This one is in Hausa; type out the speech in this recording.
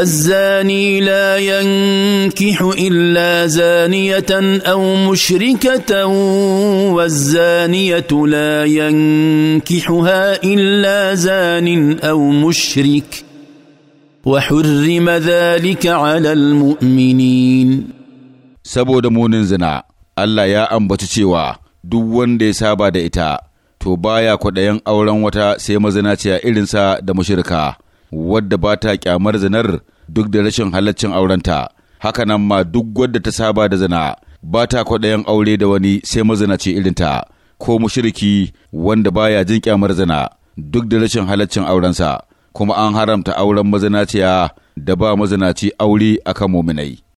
الزاني لا ينكح الا زانيه او مشركه والزانيه لا ينكحها الا زان او مشرك وحرم ذلك على المؤمنين saboda munin zina Allah ya ambaci cewa duk wanda ya saba da ita to baya kwaɗayin auren wata sai mazinaciya irinsa da mushirka wadda ba ta kyamar zinar duk da rashin halaccin aurenta hakanan ma duk wadda ta saba da zina ba ta kwaɗayin aure da wani sai mazinaci irinta ko mushiriki wanda baya jin kyamar zina duk da rashin halaccin aurensa kuma an haramta auren mazinaciya da ba mazinaci aure akan muminai